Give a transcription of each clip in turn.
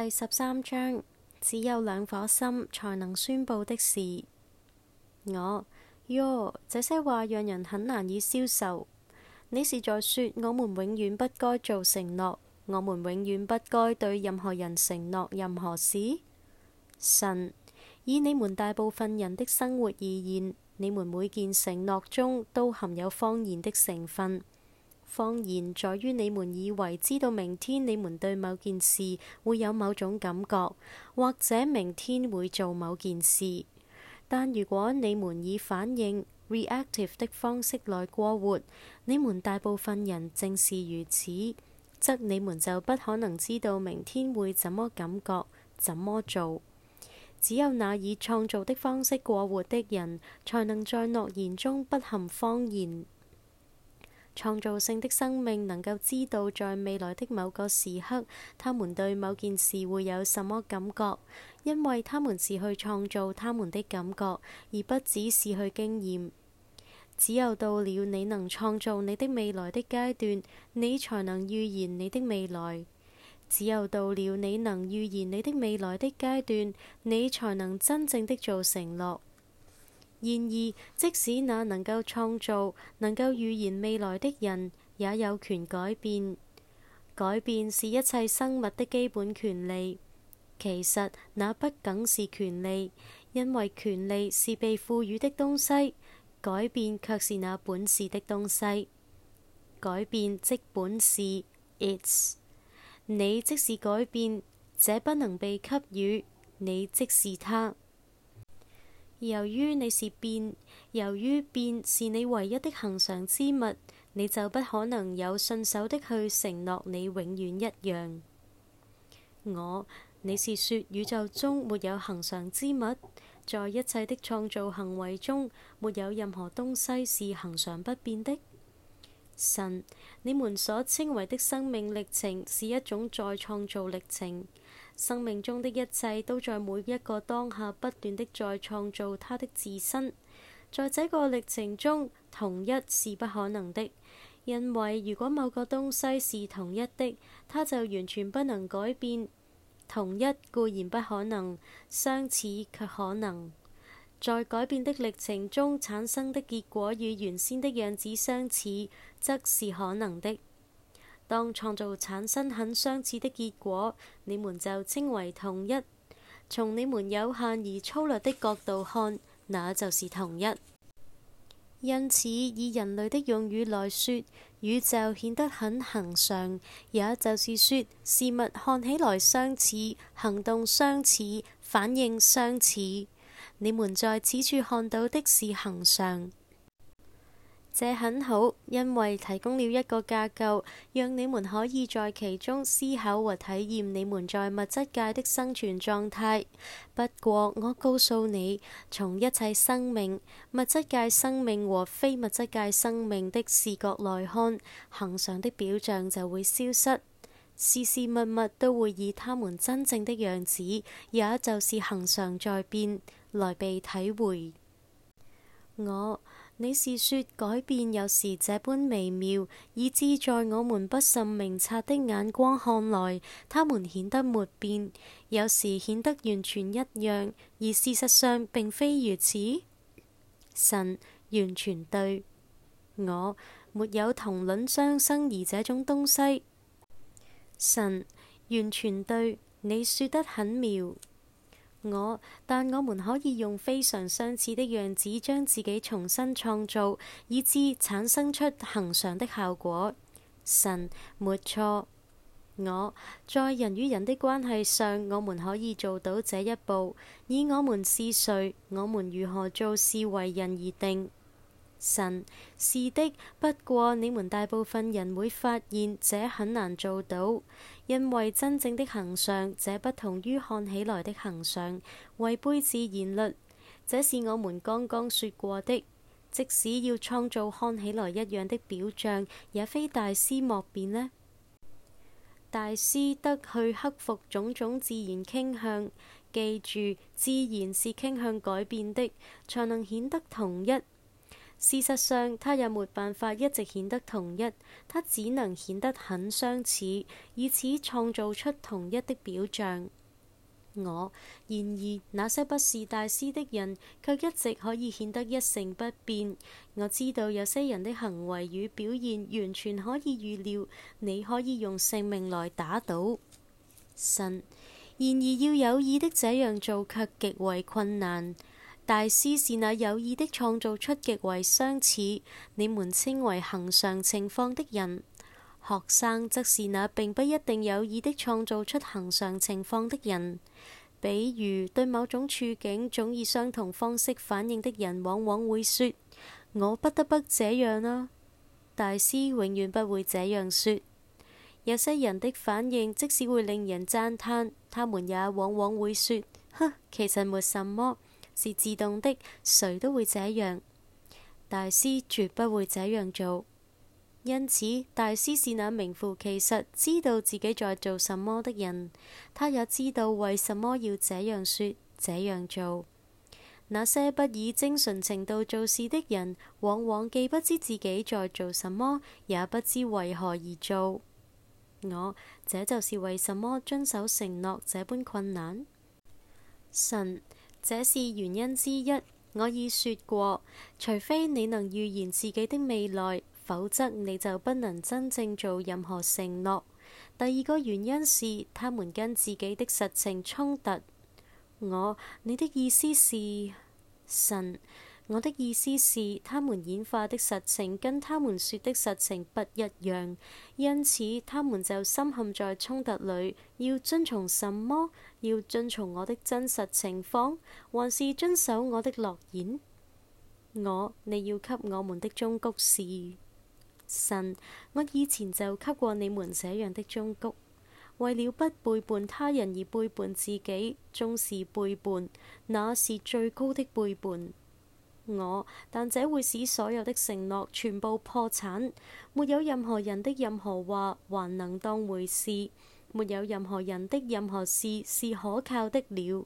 第十三章，只有兩顆心才能宣布的事。我喲，Yo，這些話讓人很難以消受。你是在說我們永遠不該做承諾，我們永遠不該對任何人承諾任何事？神，以你們大部分人的生活而言，你們每件承諾中都含有謊言的成分。謊言在於你們以為知道明天你們對某件事會有某種感覺，或者明天會做某件事。但如果你們以反應 reactive 的方式來過活，你們大部分人正是如此，則你們就不可能知道明天會怎麼感覺、怎麼做。只有那以創造的方式過活的人，才能在諾言中不含謊言。創造性的生命能夠知道在未來的某個時刻，他們對某件事會有什麼感覺，因為他們是去創造他們的感覺，而不只是去經驗。只有到了你能創造你的未來的階段，你才能預言你的未來。只有到了你能預言你的未來的階段，你才能真正的做承諾。然而，即使那能夠創造、能夠預言未來的人，也有權改變。改變是一切生物的基本權利。其實，那不僅是權利，因為權利是被賦予的東西，改變卻是那本是的東西。改變即本是，It's。你即是改變，這不能被給予。你即是它。由於你是變，由於變是你唯一的恒常之物，你就不可能有信守的去承諾你永遠一樣。我，你是說宇宙中沒有恒常之物，在一切的創造行為中，沒有任何東西是恒常不變的？神，你們所稱為的生命歷程是一種再創造歷程。生命中的一切都在每一個當下不斷的在創造它的自身，在這個歷程中，同一是不可能的，因為如果某個東西是同一的，它就完全不能改變。同一固然不可能，相似卻可能，在改變的歷程中產生的結果與原先的樣子相似，則是可能的。當創造產生很相似的結果，你們就稱為同一。從你們有限而粗略的角度看，那就是同一。因此，以人類的用語來說，宇宙顯得很恒常，也就是說，事物看起來相似，行動相似，反應相似。你們在此處看到的是恒常。這很好，因為提供了一個架構，讓你們可以在其中思考和體驗你們在物質界的生存狀態。不過，我告訴你，從一切生命、物質界生命和非物質界生命的視角來看，恒常的表象就會消失，事事物物都會以他們真正的樣子，也就是恒常在變，來被體會。我。你是說改變有時這般微妙，以致在我們不甚明察的眼光看來，他們顯得沒變，有時顯得完全一樣，而事實上並非如此？神，完全對，我沒有同卵雙生兒這種東西。神，完全對，你說得很妙。我，但我們可以用非常相似的樣子將自己重新創造，以致產生出恆常的效果。神，沒錯。我在人與人的關係上，我們可以做到這一步。以我們是誰，我們如何做事為人而定。神，是的。不過你們大部分人會發現這很難做到。因為真正的行相，這不同於看起來的行相，違背自然律。這是我們剛剛說過的。即使要創造看起來一樣的表象，也非大師莫辯呢。大師得去克服種種自然傾向。記住，自然是傾向改變的，才能顯得同一。事實上，他也沒辦法一直顯得同一，他只能顯得很相似，以此創造出同一的表象。我然而那些不是大師的人，卻一直可以顯得一成不變。我知道有些人的行為與表現完全可以預料，你可以用性命來打賭神。然而要有意的這樣做，卻極為困難。大師是那有意的創造出極為相似你們稱為恒常情況的人，學生則是那並不一定有意的創造出恒常情況的人。比如對某種處境總以相同方式反應的人，往往會說：我不得不這樣啊，大師永遠不會這樣說。有些人的反應即使會令人讚嘆，他們也往往會說：哼，其實沒什麼。是自動的，誰都會這樣。大師絕不會這樣做，因此大師是那名副其實知道自己在做什麼的人，他也知道為什麼要這樣說、這樣做。那些不以精神程度做事的人，往往既不知自己在做什麼，也不知為何而做。我，這就是為什麼遵守承諾這般困難。神。這是原因之一。我已說過，除非你能預言自己的未來，否則你就不能真正做任何承諾。第二個原因是，他們跟自己的實情衝突。我，你的意思是神？我的意思是，他們演化的實情跟他們說的實情不一樣，因此他們就深陷在衝突裏。要遵從什麼？要遵從我的真實情況，還是遵守我的諾言？我，你要給我們的忠告是？神，我以前就給過你們這樣的忠告，為了不背叛他人而背叛自己，終是背叛，那是最高的背叛。我，但這會使所有的承諾全部破產，沒有任何人的任何話還能當回事，沒有任何人的任何事是可靠的了。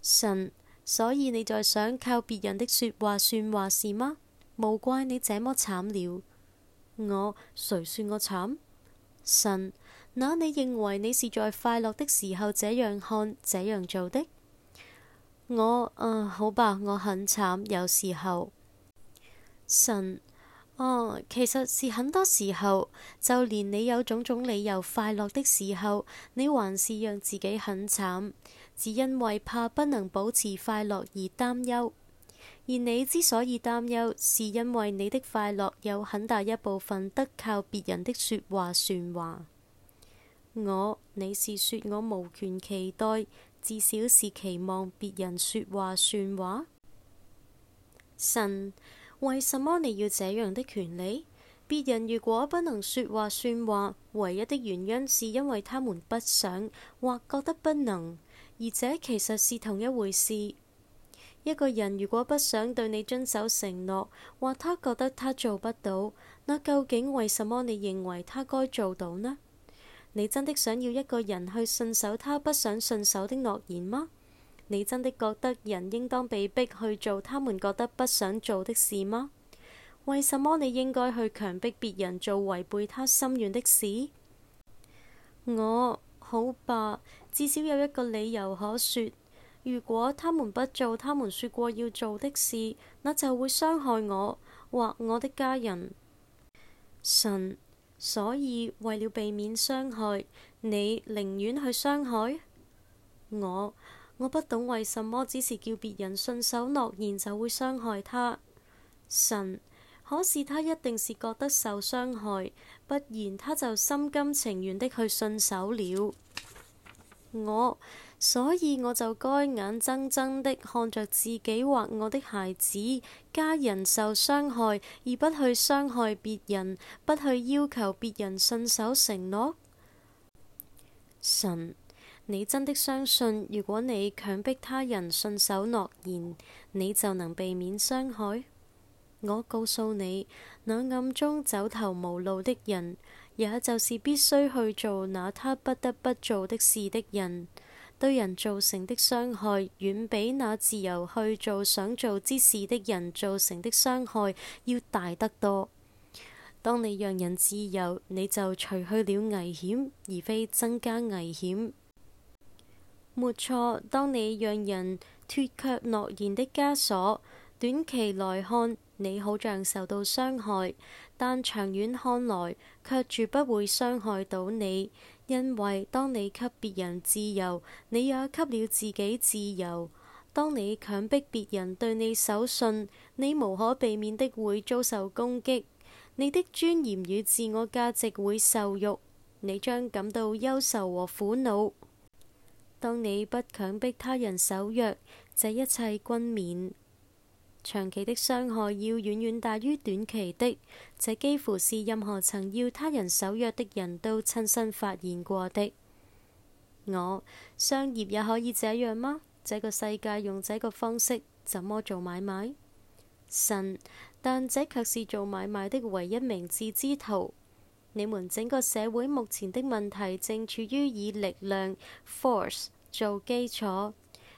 神，所以你在想靠別人的說話算話是嗎？無怪你這麼慘了。我，誰說我慘？神，那你認為你是在快樂的時候這樣看這樣做的？我，嗯，好吧，我很慘。有時候神哦，其實是很多時候，就連你有種種理由快樂的時候，你還是讓自己很慘，只因為怕不能保持快樂而擔憂。而你之所以擔憂，是因為你的快樂有很大一部分得靠別人的說話算話。我，你是說我無權期待？至少是期望別人說話算話。神，為什麼你要這樣的權利？別人如果不能說話算話，唯一的原因是因為他們不想或覺得不能，而這其實是同一回事。一個人如果不想對你遵守承諾，或他覺得他做不到，那究竟為什麼你認為他該做到呢？你真的想要一個人去信守他不想信守的諾言嗎？你真的覺得人應當被逼去做他們覺得不想做的事嗎？為什麼你應該去強迫別人做違背他心願的事？我好吧，至少有一個理由可說：如果他們不做他們說過要做的事，那就會傷害我或我的家人。神。所以，為了避免傷害，你寧願去傷害我。我不懂為什麼只是叫別人信守諾言就會傷害他。神，可是他一定是覺得受傷害，不然他就心甘情願的去信守了。我。所以我就該眼睜睜的看着自己或我的孩子家人受傷害，而不去傷害別人，不去要求別人信守承諾？神，你真的相信，如果你強迫他人信守諾言，你就能避免傷害？我告訴你，那暗中走投無路的人，也就是必須去做那他不得不做的事的人。對人造成的傷害，遠比那自由去做想做之事的人造成的傷害要大得多。當你讓人自由，你就除去了危險，而非增加危險。沒錯，當你讓人脱卻諾言的枷鎖，短期來看，你好像受到傷害，但長遠看來，卻絕不會傷害到你。因為當你給別人自由，你也給了自己自由。當你強迫別人對你守信，你無可避免的會遭受攻擊，你的尊嚴與自我價值會受辱，你將感到憂愁和苦惱。當你不強迫他人守約，這一切均免。長期的傷害要遠遠大於短期的，這幾乎是任何曾要他人守約的人都親身發現過的。我商業也可以這樣嗎？這個世界用這個方式怎麼做買賣？神，但這卻是做買賣的唯一明智之途。你們整個社會目前嘅問題，正處於以力量 （force） 做基礎，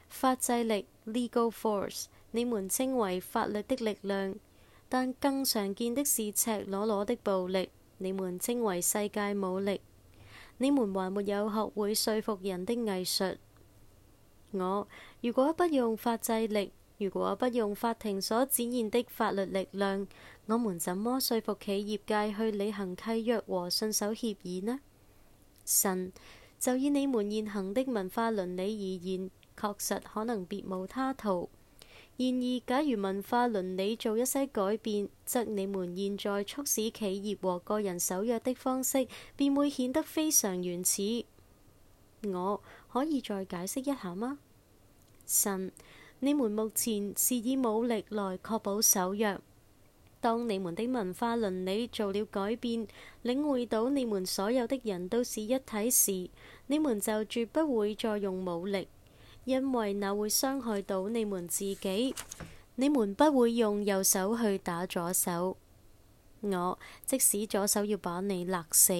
法制力 （legal force）。你們稱為法律的力量，但更常見的是赤裸裸的暴力。你們稱為世界武力，你們還沒有學會說服人的藝術。我如果不用法制力，如果不用法庭所展現的法律力量，我們怎麼說服企業界去履行契約和信守協議呢？神，就以你們現行的文化倫理而言，確實可能別無他途。然而，假如文化倫理做一些改變，則你們現在促使企業和個人守約的方式，便會顯得非常原始。我可以再解釋一下嗎？神，你們目前是以武力來確保守約。當你們的文化倫理做了改變，領會到你們所有的人都是一體時，你們就絕不會再用武力。因為那會傷害到你們自己，你們不會用右手去打左手。我即使左手要把你勒死，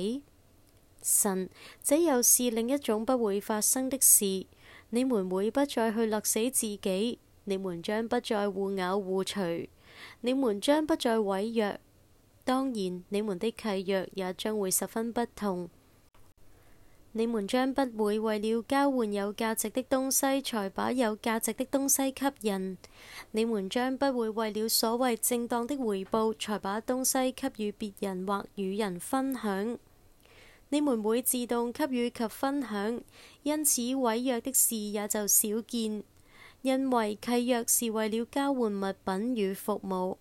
神，這又是另一種不會發生的事。你們會不再去勒死自己，你們將不再互咬互除，你們將不再毀約。當然，你們的契約也將會十分不同。你們將不會為了交換有價值的東西，才把有價值的東西給人；你們將不會為了所謂正當的回報，才把東西給予別人或與人分享。你們會自動給予及分享，因此毀約的事也就少見，因為契約是為了交換物品與服務。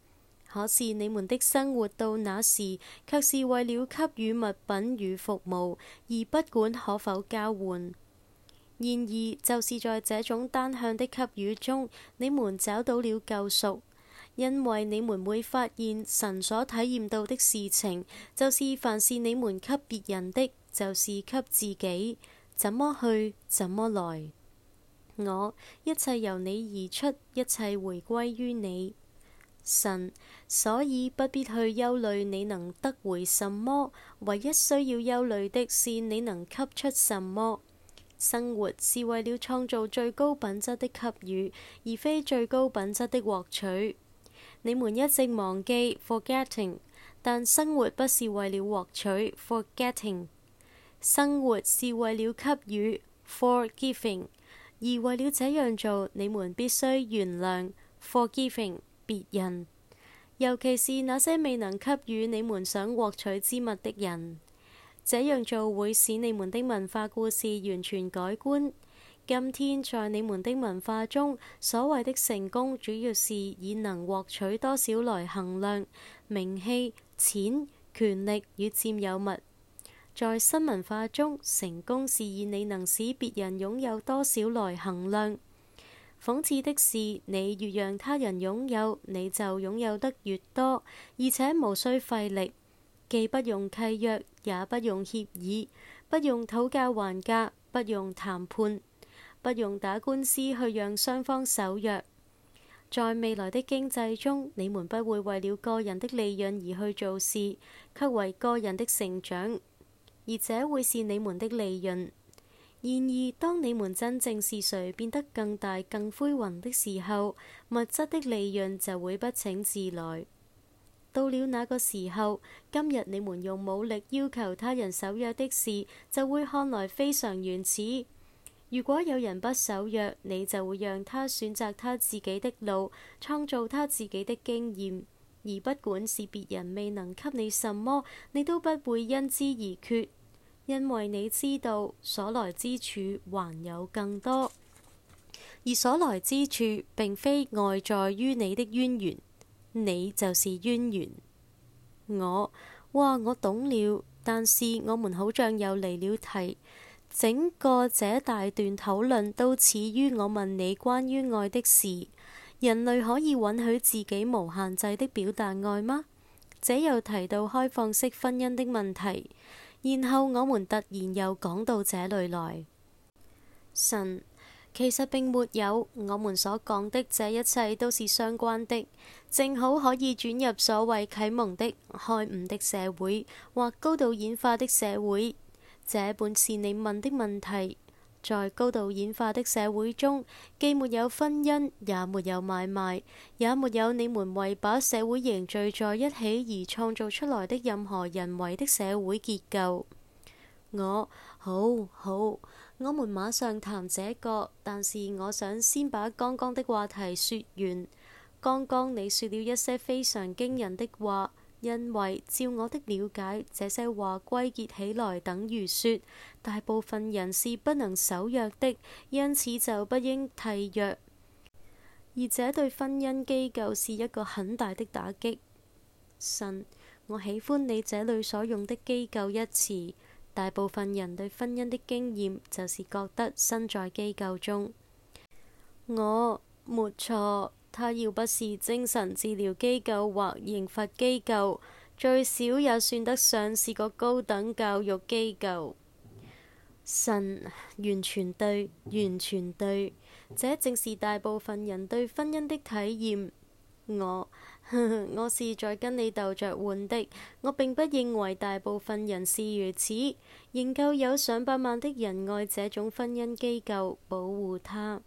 可是你們的生活到那時卻是為了給予物品與服務，而不管可否交換。然而就是在這種單向的給予中，你們找到了救贖，因為你們會發現神所體驗到的事情，就是凡是你們給別人的，就是給自己，怎麼去，怎麼來。我一切由你而出，一切回歸於你。神，所以不必去憂慮，你能得回什麼？唯一需要憂慮的是你能給出什麼？生活是為了創造最高品質的給予，而非最高品質的獲取。你們一直忘記 forgetting，但生活不是為了獲取 forgetting，生活是為了給予 forgiving，而為了這樣做，你們必須原諒 forgiving。別人，尤其是那些未能給予你們想獲取之物的人，這樣做會使你們的文化故事完全改觀。今天在你們的文化中，所謂的成功主要是以能獲取多少來衡量，名氣、錢、權力與佔有物。在新文化中，成功是以你能使別人擁有多少來衡量。諷刺的是，你越讓他人擁有，你就擁有得越多，而且無需費力，既不用契約，也不用協議，不用討價還價，不用談判，不用打官司去讓雙方守約。在未來的經濟中，你們不會為了個人的利潤而去做事，卻為個人的成長，而這會是你們的利潤。然而，當你們真正是誰變得更大、更輝煌的時候，物質的利潤就會不請自來。到了那個時候，今日你們用武力要求他人守約的事，就會看來非常原始。如果有人不守約，你就會讓他選擇他自己的路，創造他自己的經驗，而不管是別人未能給你什麼，你都不會因之而決。因為你知道所來之處還有更多，而所來之處並非外在於你的淵源，你就是淵源。我哇，我懂了，但是我們好像又離了題，整個這大段討論都始於我問你關於愛的事。人類可以允許自己無限制的表達愛嗎？這又提到開放式婚姻的問題。然後我們突然又講到這裏來，神，其實並沒有我們所講的這一切都是相關的，正好可以轉入所謂啟蒙的開悟的社會或高度演化的社會。這本是你問的問題。在高度演化的社會中，既沒有婚姻，也沒有買賣，也沒有你們為把社會凝聚在一起而創造出來的任何人為的社會結構。我好好，我們馬上談這個，但是我想先把剛剛的話題說完。剛剛你說了一些非常驚人的話。因為照我的了解，這些話歸結起來等於說，大部分人是不能守約的，因此就不應替約。而這對婚姻機構是一個很大的打擊。神，我喜歡你這裏所用的機構一詞。大部分人對婚姻的經驗就是覺得身在機構中。我沒錯。他要不是精神治療機構或刑罰機構，最少也算得上是個高等教育機構。神，完全對，完全對，這正是大部分人對婚姻的體驗。我， 我是在跟你鬥着玩的。我並不認為大部分人是如此，仍舊有上百萬的人愛這種婚姻機構，保護他。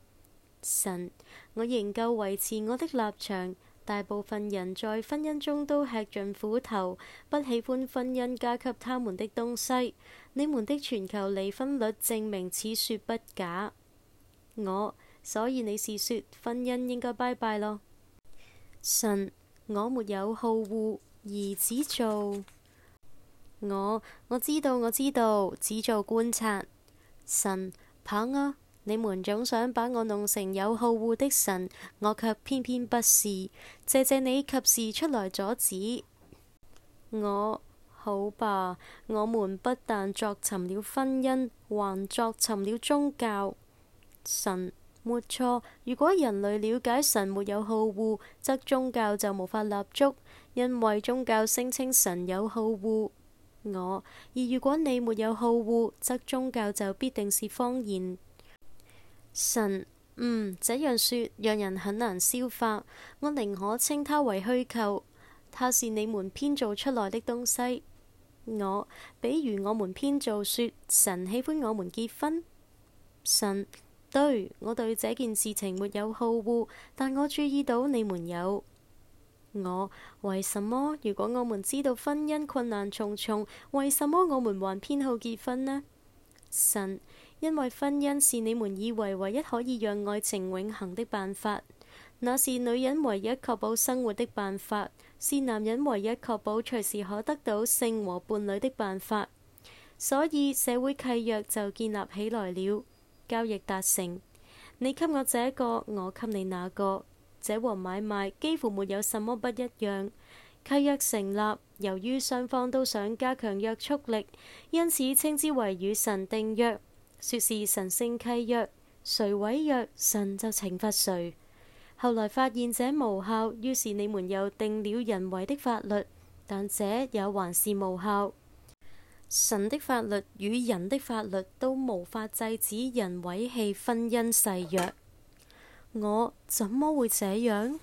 神，我仍舊維持我的立場。大部分人在婚姻中都吃盡苦頭，不喜歡婚姻加給他們的東西。你們的全球離婚率證明此說不假。我，所以你是說婚姻應該拜拜咯？神，我沒有好惡，而只做我。我知道，我知道，只做觀察。神，跑啊！你們總想把我弄成有好惡的神，我卻偏偏不是。謝謝你及時出來阻止我。好吧，我們不但作沉了婚姻，還作沉了宗教。神，沒錯。如果人類了解神沒有好惡，則宗教就無法立足，因為宗教聲稱神有好惡。我，而如果你沒有好惡，則宗教就必定是謊言。神，嗯，這樣說讓人很難消化。我寧可稱它為虛構，它是你們編造出來的東西。我，比如我們編造說神喜歡我們結婚。神，對我對這件事情沒有好惡，但我注意到你們有。我，為什麼？如果我們知道婚姻困難重重，為什麼我們還偏好結婚呢？神。因為婚姻是你們以為唯一可以讓愛情永恆的辦法，那是女人唯一確保生活的辦法，是男人唯一確保隨時可得到性和伴侶的辦法，所以社會契約就建立起來了，交易達成，你給我這個，我給你那個，這和買賣幾乎沒有什麼不一樣。契約成立，由於雙方都想加強約束力，因此稱之為與神訂約。說是神聖契約，誰毀約，神就懲罰誰。後來發現這無效，於是你們又定了人為的法律，但這也還是無效。神的法律與人的法律都無法制止人毀棄婚姻誓約。我怎麼會這樣？